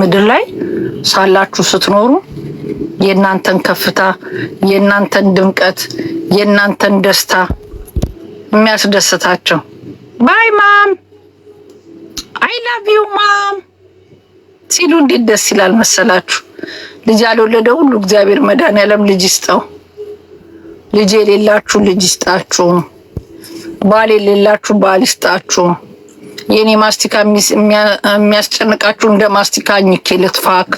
ምድር ላይ ሳላችሁ ስትኖሩ የእናንተን ከፍታ፣ የእናንተን ድምቀት፣ የእናንተን ደስታ የሚያስደስታቸው ባይ ማም አይ ላቭ ዩ ማም ሲሉ እንዴት ደስ ይላል መሰላችሁ። ልጅ ያልወለደ ሁሉ እግዚአብሔር መድኃኒዓለም ልጅ ይስጠው። ልጅ የሌላችሁ ልጅ ይስጣችሁ። ባል የሌላችሁ ባል ይስጣችሁ። የእኔ ማስቲካ የሚያስጨንቃችሁ እንደ ማስቲካ አኝኬ ልትፋክ።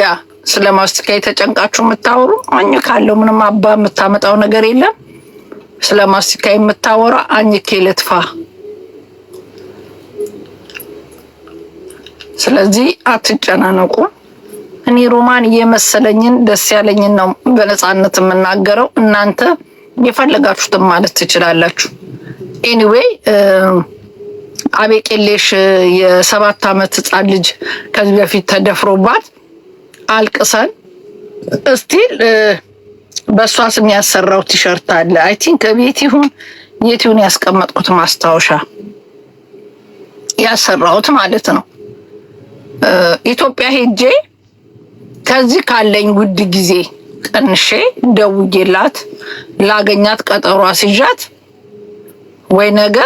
ያ ስለ ማስቲካ የተጨንቃችሁ የምታወሩ ካለው ምንም አባ የምታመጣው ነገር የለም። ስለ ማስቲካ የምታወራ አኝኬ ልትፋ። ስለዚህ አትጨናነቁ። እኔ ሮማን እየመሰለኝን ደስ ያለኝን ነው በነፃነት የምናገረው። እናንተ የፈለጋችሁትን ማለት ትችላላችሁ። ኤኒዌይ አቤቄሌሽ የሰባት ዓመት ህፃን ልጅ ከዚህ በፊት ተደፍሮባት አልቅሰን እስቲል በእሷ ስም ያሰራው ቲሸርት አለ። አይ ቲንክ ቤት ይሁን የት ይሁን ያስቀመጥኩት ማስታወሻ ያሰራሁት ማለት ነው። ኢትዮጵያ ሄጄ ከዚህ ካለኝ ውድ ጊዜ ቀንሼ ደውዬላት ላገኛት ቀጠሯ ሲዣት ወይ ነገ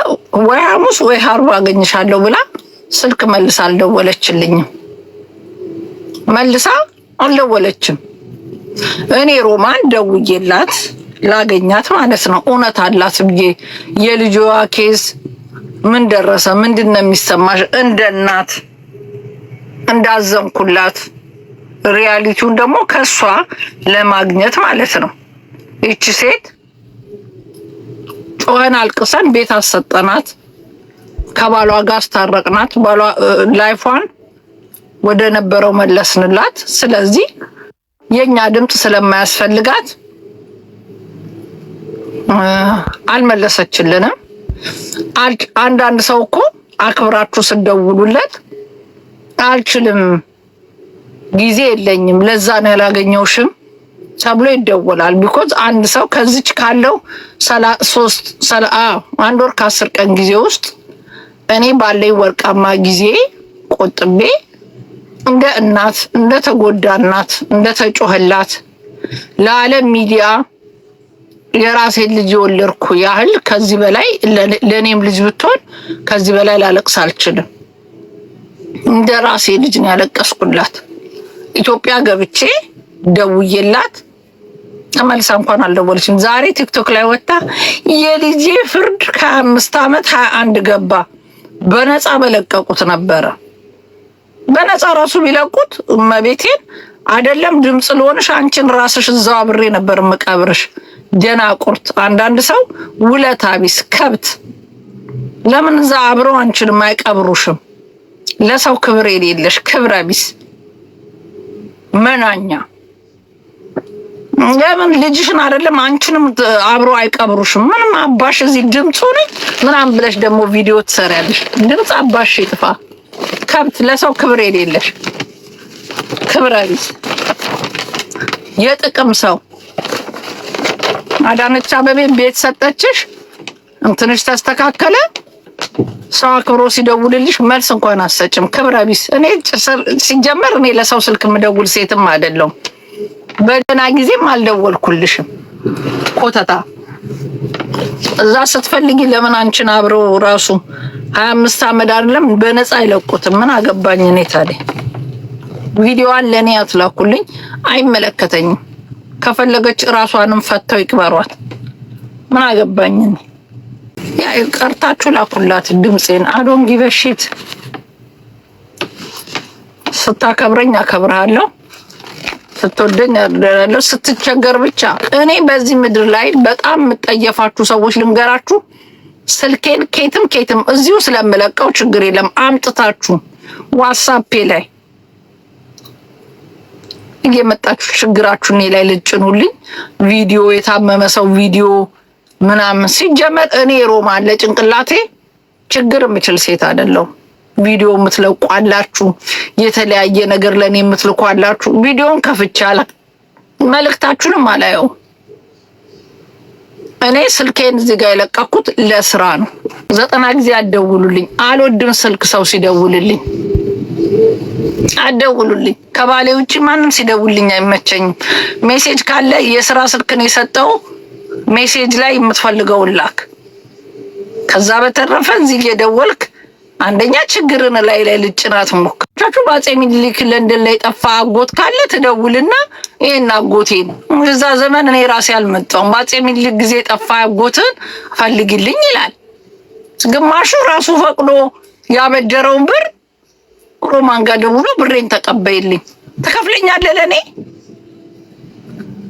ወይ ሐሙስ ወይ ዓርብ አገኝሻለሁ ብላ ስልክ መልሳ አልደወለችልኝም። መልሳ አልደወለችም። እኔ ሮማን ደውዬላት ላገኛት ማለት ነው እውነት አላት ብዬ የልጅዋ ኬዝ ምን ደረሰ፣ ምንድን ነው የሚሰማሽ? እንደ እናት እንዳዘንኩላት ሪያሊቲውን ደግሞ ከእሷ ለማግኘት ማለት ነው ይቺ ሴት ጮኸን አልቅሰን ቤት አሰጠናት። ከባሏ ጋር አስታረቅናት። ባሏ ላይፏን ወደ ነበረው መለስንላት። ስለዚህ የእኛ ድምፅ ስለማያስፈልጋት አልመለሰችልንም። አንዳንድ ሰው እኮ አክብራችሁ ስደውሉለት አልችልም፣ ጊዜ የለኝም፣ ለዛ ነው ያላገኘውሽም ተብሎ ይደወላል። ቢኮዝ አንድ ሰው ከዚች ካለው አንድ ወር ከአስር ቀን ጊዜ ውስጥ እኔ ባለኝ ወርቃማ ጊዜ ቆጥቤ እንደ እናት እንደ ተጎዳ እናት እንደ ተጮህላት ለዓለም ሚዲያ የራሴን ልጅ የወለድኩ ያህል ከዚህ በላይ ለእኔም ልጅ ብትሆን ከዚህ በላይ ላለቅስ አልችልም። እንደ ራሴ ልጅን ያለቀስኩላት። ኢትዮጵያ ገብቼ ደውዬላት መልሳ እንኳን አልደወለችም። ዛሬ ቲክቶክ ላይ ወጣ የልጄ ፍርድ ከአምስት ዓመት ሀያ አንድ ገባ በነፃ በለቀቁት ነበረ። በነፃ ራሱ ቢለቁት እመቤቴን አይደለም ድምፅ ልሆንሽ አንቺን ራስሽ እዛው አብሬ ነበር ምቀብርሽ። ደናቁርት አንዳንድ ሰው ውለታ ቢስ ከብት ለምን እዛ አብረው አንቺን አይቀብሩሽም? ለሰው ክብር የሌለሽ ክብረ ቢስ መናኛ ለምን ልጅሽን አይደለም አንቺንም አብሮ አይቀብሩሽም? ምንም አባሽ እዚህ ድምፁ ነኝ ምናምን ብለሽ ደግሞ ቪዲዮ ትሰሪያለሽ። ድምፅ አባሽ ይጥፋ። ከብት ለሰው ክብር የሌለሽ ክብረ ቢስ የጥቅም ሰው። አዳነች አበቤ ቤት ሰጠችሽ፣ እንትንሽ ተስተካከለ። ሰው አክብሮ ሲደውልልሽ መልስ እንኳን አሰጭም። ክብረ ቢስ። እኔ ሲጀመር እኔ ለሰው ስልክ የምደውል ሴትም አይደለሁም። በደህና ጊዜም አልደወልኩልሽም። ኮተታ እዛ ስትፈልጊ ለምን አንቺን አብረው ራሱ ሀያ አምስት አመድ አይደለም በነፃ አይለቁትም። ምን አገባኝ እኔ ታዲያ። ቪዲዮዋን ለእኔ አትላኩልኝ፣ አይመለከተኝም። ከፈለገች እራሷንም ፈተው ይቅበሯት። ምን አገባኝ እኔ። ቀርታችሁ ላኩላት ድምፄን። አዶን ጊበሽት ስታከብረኝ አከብርሃለሁ ስትወደኝ ያደራለሁ ስትቸገር ብቻ። እኔ በዚህ ምድር ላይ በጣም የምጠየፋችሁ ሰዎች ልንገራችሁ፣ ስልኬን ኬትም ኬትም እዚሁ ስለምለቀው ችግር የለም አምጥታችሁ ዋትሳፔ ላይ እየመጣችሁ ችግራችሁ እኔ ላይ ልጭኑልኝ። ቪዲዮ የታመመ ሰው ቪዲዮ ምናምን ሲጀመር እኔ ሮማን ለጭንቅላቴ ችግር የምችል ሴት አይደለሁም። ቪዲዮ የምትለቋላችሁ የተለያየ ነገር ለእኔ የምትልኩ ቪዲዮን ከፍቻለ መልእክታችሁንም አላየው። እኔ ስልኬን እዚህ ጋር የለቀኩት ለስራ ነው። ዘጠና ጊዜ አደውሉልኝ። አልወድም ስልክ ሰው ሲደውልልኝ አደውሉልኝ ከባሌ ውጭ ማንም ሲደውልኝ አይመቸኝም። ሜሴጅ ካለ የስራ ስልክን የሰጠው ሜሴጅ ላይ የምትፈልገውን ላክ። ከዛ በተረፈ እዚህ እየደወልክ አንደኛ ችግርን ላይ ላይ ልጭናት ሞክቻችሁ። በአፄ ሚኒሊክ ለንደን ላይ ጠፋ አጎት ካለ ትደውልና ይሄን አጎቴን እዛ ዘመን እኔ ራሴ አልመጣውም በአፄ ሚኒሊክ ጊዜ ጠፋ አጎትን ፈልግልኝ ይላል። ግማሹ ራሱ ፈቅዶ ያበደረውን ብር ሮማን ጋር ደውሎ ብሬን ተቀበይልኝ ትከፍለኛለህ ለእኔ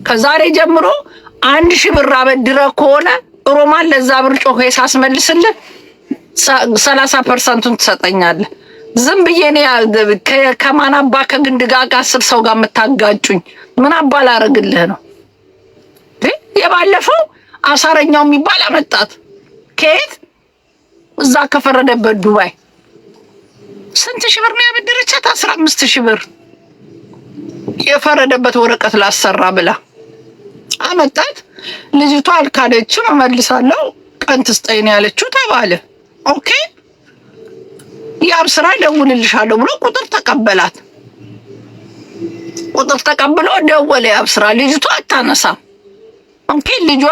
ከዛሬ ጀምሮ አንድ ሺህ ብር አበድረ ከሆነ ሮማን ለዛ ብር ጮኸ ሳስመልስልን ሰላሳ ፐርሰንቱን ትሰጠኛለህ። ዝም ብዬ እኔ ከማን አባ ከግንድ ጋር ከአስር ሰው ጋር የምታጋጩኝ? ምን አባ ላረግልህ ነው? የባለፈው አሳረኛው የሚባል አመጣት ከየት እዛ ከፈረደበት ዱባይ ስንት ሺህ ብር ነው ያበደረቻት? አስራ አምስት ሺህ ብር የፈረደበት ወረቀት ላሰራ ብላ አመጣት። ልጅቷ አልካደችም፣ እመልሳለሁ ቀን ትስጠኝ ያለችው ተባለ። ኦኬ ያብ ስራ ደውልልሻለሁ ብሎ ቁጥር ተቀበላት። ቁጥር ተቀብሎ ደወለ ያብ ስራ። ልጅቷ አታነሳም። ኦኬ ልጇ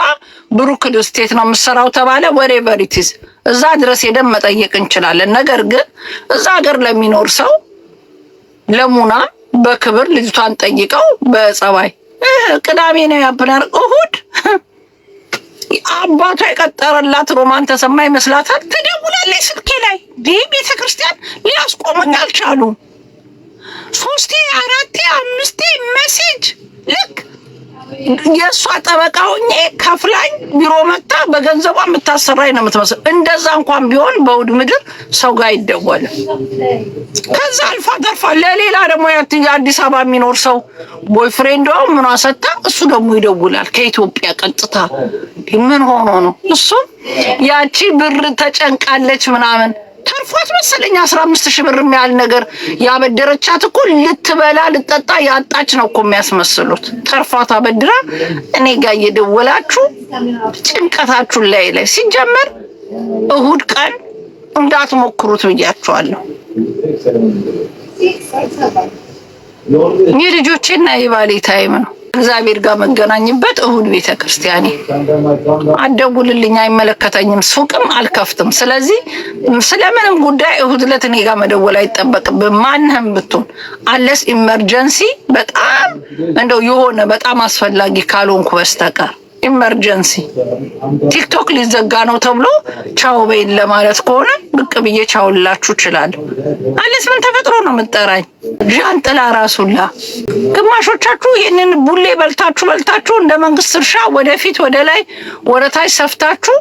ብሩክል ስቴት ነው የምትሰራው ተባለ። ወሬ ቨሪቲስ እዛ ድረስ ሄደን መጠየቅ እንችላለን። ነገር ግን እዛ ሀገር ለሚኖር ሰው ለሙና በክብር ልጅቷን ጠይቀው በጸባይ ቅዳሜ ነው ያብናር እሁድ አባቷ የቀጠረላት ሮማን ተሰማ ይመስላታል። ላይ ስልኬ ላይ ይህ ቤተ ክርስቲያን ሊያስቆሙኝ አልቻሉም። ሶስቴ አራቴ አምስቴ መሴጅ ልክ የእሷ ጠበቃ ሆኜ ከፍላኝ ቢሮ መታ በገንዘቧ የምታሰራኝ ነው የምትመስል። እንደዛ እንኳን ቢሆን በውድ ምድር ሰው ጋር አይደወልም። ከዛ አልፋ ተርፋ ለሌላ ደግሞ የአዲስ አበባ የሚኖር ሰው ቦይፍሬንዷ ምኗ ሰታ እሱ ደግሞ ይደውላል ከኢትዮጵያ ቀጥታ። ምን ሆኖ ነው እሱም ያቺ ብር ተጨንቃለች ምናምን ተርፏት መሰለኝ አስራ አምስት ሺህ ብር የሚያህል ነገር ያበደረቻት እኮ ልትበላ ልጠጣ ያጣች ነው እኮ የሚያስመስሉት። ተርፏት አበድራ እኔ ጋር እየደወላችሁ ጭንቀታችሁን ላይ ላይ ሲጀመር እሁድ ቀን እንዳትሞክሩት ብያችኋለሁ። የልጆቼና የባሌ ታይም ነው። ከእግዚአብሔር ጋር መገናኝበት እሁድ ቤተ ክርስቲያኔ አደውልልኝ፣ አይመለከተኝም፣ ሱቅም አልከፍትም። ስለዚህ ስለምንም ጉዳይ እሁድ ዕለት እኔ ጋር መደወል አይጠበቅብም። ማንህም ብትሆን አለስ ኢመርጀንሲ በጣም እንደው የሆነ በጣም አስፈላጊ ካልሆንኩ በስተቀር ኢመርጀንሲ ቲክቶክ ሊዘጋ ነው ተብሎ ቻው በይን ለማለት ከሆነ ብቅ ብዬ ቻውላችሁ ይችላል። አለስ ምን ተፈጥሮ ነው የምጠራኝ? ዣንጥላ ራሱላ። ግማሾቻችሁ ይህንን ቡሌ በልታችሁ በልታችሁ እንደ መንግስት እርሻ ወደፊት ወደ ላይ ወረታች ሰፍታችሁ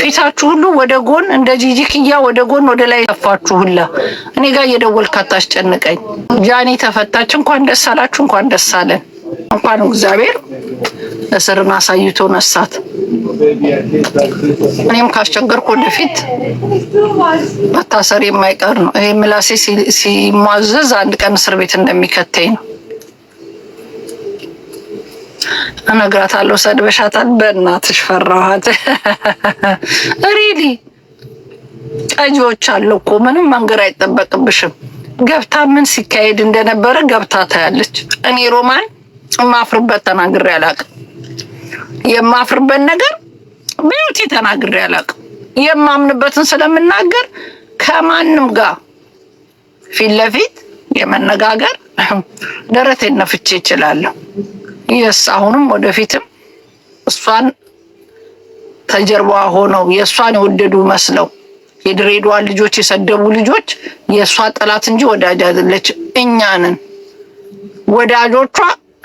ፊታችሁ ሁሉ ወደ ጎን እንደ ጂጂክያ ወደ ጎን ወደ ላይ ተፋችሁ ሁላ እኔ ጋር እየደወልክ አታስጨንቀኝ። ጃኒ ተፈታች። እንኳን ደስ አላችሁ፣ እንኳን ደስ አለን። እንኳን እግዚአብሔር እስርን አሳይቶ ነሳት። እኔም ካስቸገርኩ ወደፊት መታሰር የማይቀር ነው። ይሄ ምላሴ ሲሟዘዝ አንድ ቀን እስር ቤት እንደሚከተኝ ነው እነግራታለሁ። ሰድበሻታል፣ በእናትሽ ፈራኋት። ሪሊ ቀጂዎች አለው እኮ ምንም መንገድ አይጠበቅብሽም። ገብታ ምን ሲካሄድ እንደነበረ ገብታ ታያለች። እኔ ሮማን የማፍርበት ተናግሬ አላቅም። የማፍርበት ነገር በዩቲ ተናግሬ አላቅም። የማምንበትን ስለምናገር ከማንም ጋር ፊት ለፊት የመነጋገር ደረቴን ነፍቼ እችላለሁ። የስ አሁንም ወደፊትም እሷን ተጀርባ ሆነው የእሷን የወደዱ መስለው የድሬዳዋን ልጆች የሰደቡ ልጆች የእሷ ጠላት እንጂ ወዳጅ አይደለች። እኛንን ወዳጆቿ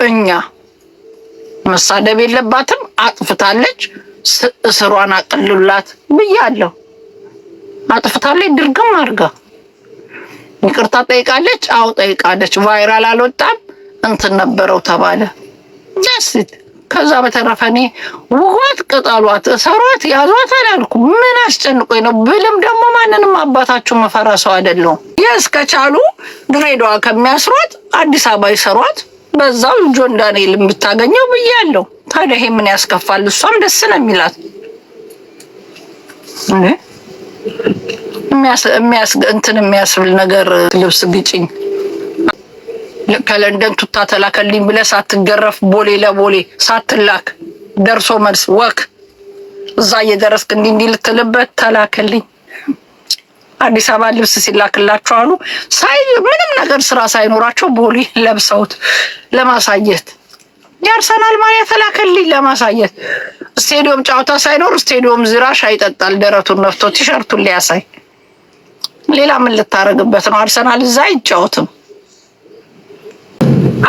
እኛ መሳደብ የለባትም። አጥፍታለች፣ እስሯን አቅልላት ብያለሁ። አጥፍታለች፣ ድርግም አድርጋ ይቅርታ ጠይቃለች። አዎ ጠይቃለች። ቫይራል አልወጣም እንትን ነበረው ተባለ ደስት ከዛ በተረፈ እኔ ውኋት ቅጠሏት፣ እሰሯት፣ ያዟት አላልኩ። ምን አስጨንቆኝ ነው ብልም ደግሞ ማንንም አባታችሁ መፈራ ሰው አይደለሁም። የእስከቻሉ ድሬዳዋ ከሚያስሯት አዲስ አበባ ይሰሯት። በዛው ጆን ዳንኤልን ብታገኘው ብያለሁ። ታዲያ ይሄ ምን ያስከፋል? እሷም ደስ ነው የሚላት እንትን የሚያስብል ነገር ልብስ ግጭኝ ከለንደን ቱታ ተላከልኝ ብለህ ሳትገረፍ ቦሌ ለቦሌ ሳትላክ ደርሶ መልስ ወክ እዛ እየደረስክ እንዲህ እንዲህ ልትልበት ተላከልኝ። አዲስ አበባ ልብስ ሲላክላቸው አሉ ሳይ ምንም ነገር ስራ ሳይኖራቸው ቦሌ ለብሰውት ለማሳየት የአርሰናል ማሊያ ተላከልኝ ለማሳየት ስቴዲየም ጨዋታ ሳይኖር ስቴዲየም ዝራ ሻይ ይጠጣል ደረቱን ነፍቶ ቲሸርቱን ሊያሳይ ሌላ ምን ልታደርግበት ነው? አርሰናል እዛ አይጫወትም።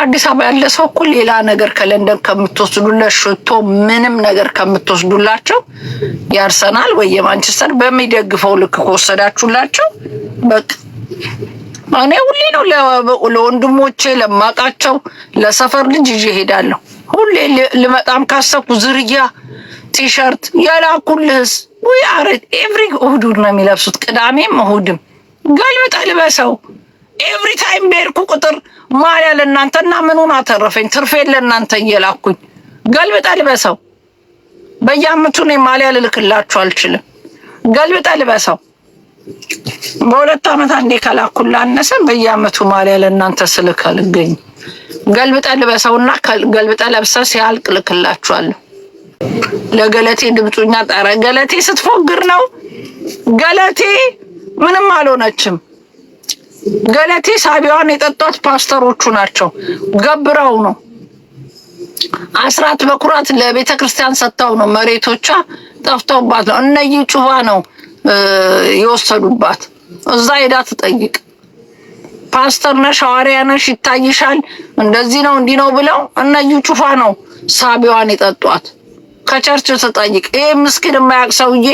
አዲስ አበባ ያለ ሰው እኮ ሌላ ነገር ከለንደን ከምትወስዱለት ሽቶ ምንም ነገር ከምትወስዱላቸው ያርሰናል ወይ የማንቸስተር በሚደግፈው ልክ ከወሰዳችሁላቸው በቃ እኔ ሁሌ ነው ለወንድሞቼ ለማቃቸው ለሰፈር ልጅ ይዤ እሄዳለሁ። ሁሌ ልመጣም ካሰብኩ ዝርያ ቲሸርት የላኩልህስ ወይ አረ ኤቭሪ እሁድ ነው የሚለብሱት፣ ቅዳሜም እሁድም ገልብጠህ ልበሰው ኤቭሪ ታይም በሄድኩ ቁጥር ማሪያ እና ምኑን አተረፈኝ? ትርፌን ለእናንተ እየላኩኝ ገልብጠ ልበሰው። በየአመቱ እኔ ማሊያ ልልክላችሁ አልችልም። ገልብጠ ልበሰው። በሁለት ዓመት አንዴ ከላኩላ አነሰ። በየአመቱ ማሊያ ለእናንተ ስልክ አልገኝ። ገልብጠ ልበሰውና ገልብጠ ለብሰ ሲያልቅ ልክላችኋለሁ። ለገለቴ ድምፁኛ ጠረ ገለቴ ስትፎግር ነው። ገለቴ ምንም አልሆነችም። ገለቴ ሳቢዋን የጠጧት ፓስተሮቹ ናቸው። ገብረው ነው አስራት በኩራት ለቤተ ክርስቲያን ሰጥተው ነው። መሬቶቿ ጠፍተውባት ነው። እነይ ጩባ ነው የወሰዱባት። እዛ ሄዳ ትጠይቅ። ፓስተር ነሽ፣ ሐዋርያ ነሽ፣ ይታይሻል፣ እንደዚህ ነው እንዲህ ነው ብለው እነይ ጩፋ ነው ሳቢዋን የጠጧት። ከቸርች ትጠይቅ። ይህ ምስኪን የማያውቅ ሰውዬ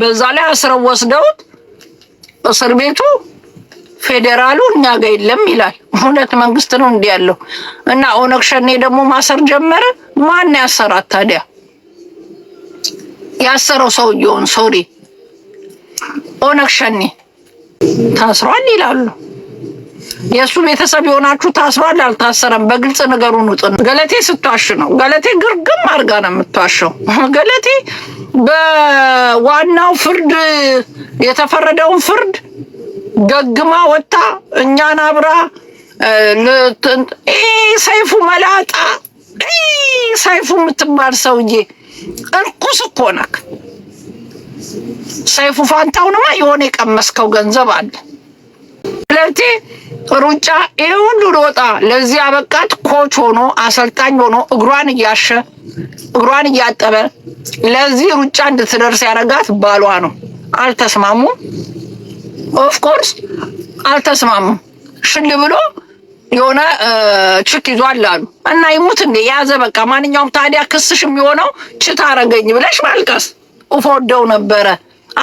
በዛ ላይ አስረው ወስደውት እስር ቤቱ ፌዴራሉ እኛ ጋር የለም ይላል። እውነት መንግስት ነው እንዲህ ያለው? እና ኦነግ ሸኔ ደግሞ ማሰር ጀመረ። ማን ያሰራት ታዲያ? ያሰረው ሰውየውን ሶሪ ኦነግ ሸኔ ታስሯል ይላሉ። የእሱ ቤተሰብ የሆናችሁ ታስሯል፣ አልታሰረም፣ በግልጽ ነገሩን ውጥ ገለቴ ስትዋሽ ነው። ገለቴ ግርግም አድርጋ ነው የምትዋሸው። ገለቴ በዋናው ፍርድ የተፈረደውን ፍርድ ደግማ ወጥታ እኛን አብራ ሰይፉ መላጣ ሰይፉ የምትባል ሰውዬ እርኩስ እኮ ነክ። ሰይፉ ፋንታውንማ የሆነ የቀመስከው ገንዘብ አለ። ስለዚህ ሩጫ ይህ ሁሉ ሮጣ ለዚህ አበቃት። ኮች ሆኖ አሰልጣኝ ሆኖ እግሯን እያሸ እግሯን እያጠበ ለዚህ ሩጫ እንድትደርስ ያደረጋት ባሏ ነው። አልተስማሙም። ኦፍኮርስ አልተስማሙም። ሽል ብሎ የሆነ ችት ይዟል አሉ እና ይሙት እንዴ የያዘ በቃ ማንኛውም ታዲያ ክስሽ የሚሆነው ችት አረገኝ ብለሽ ማልቀስ እፎወደው ነበረ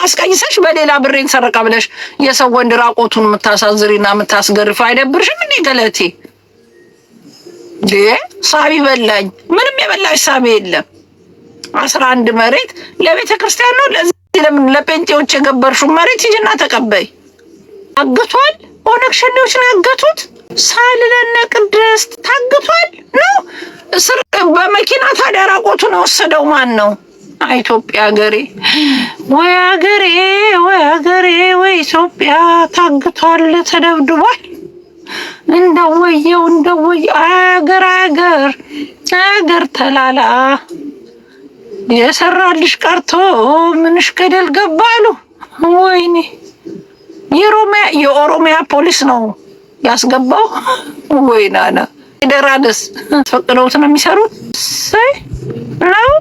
አስቀይሰሽ በሌላ ብሬን ሰረቃ ብለሽ የሰው ወንድ ራቆቱን የምታሳዝሪና የምታስገርፍ አይደብርሽም እንዴ ገለቴ? ሳቢ በላኝ። ምንም የበላሽ ሳቢ የለም። አስራ አንድ መሬት ለቤተ ክርስቲያን ነው። ለምን ለጴንጤዎች የገበርሽው መሬት ሂጂና ተቀበይ። አግቷል። ኦነግ ሸኔዎች ነው ያገቱት። ሳልለነ ቅድስት ታግቷል ነው እስር በመኪና ታዲያ ራቆቱን የወሰደው ማን ነው? ኢትዮጵያ ሀገሬ ወይ ሀገሬ ወይ ሀገሬ ወይ ኢትዮጵያ ታግቷል፣ ተደብድቧል። እንደወየው እንደወየው አገር አገር አገር ተላላ የሰራልሽ ቀርቶ ምንሽ ገደል ገባ አሉ። ወይኔ የኦሮሚያ ፖሊስ ነው ያስገባው። ወይናና ደራደስ ፈቅደውት ነው የሚሰሩት ነው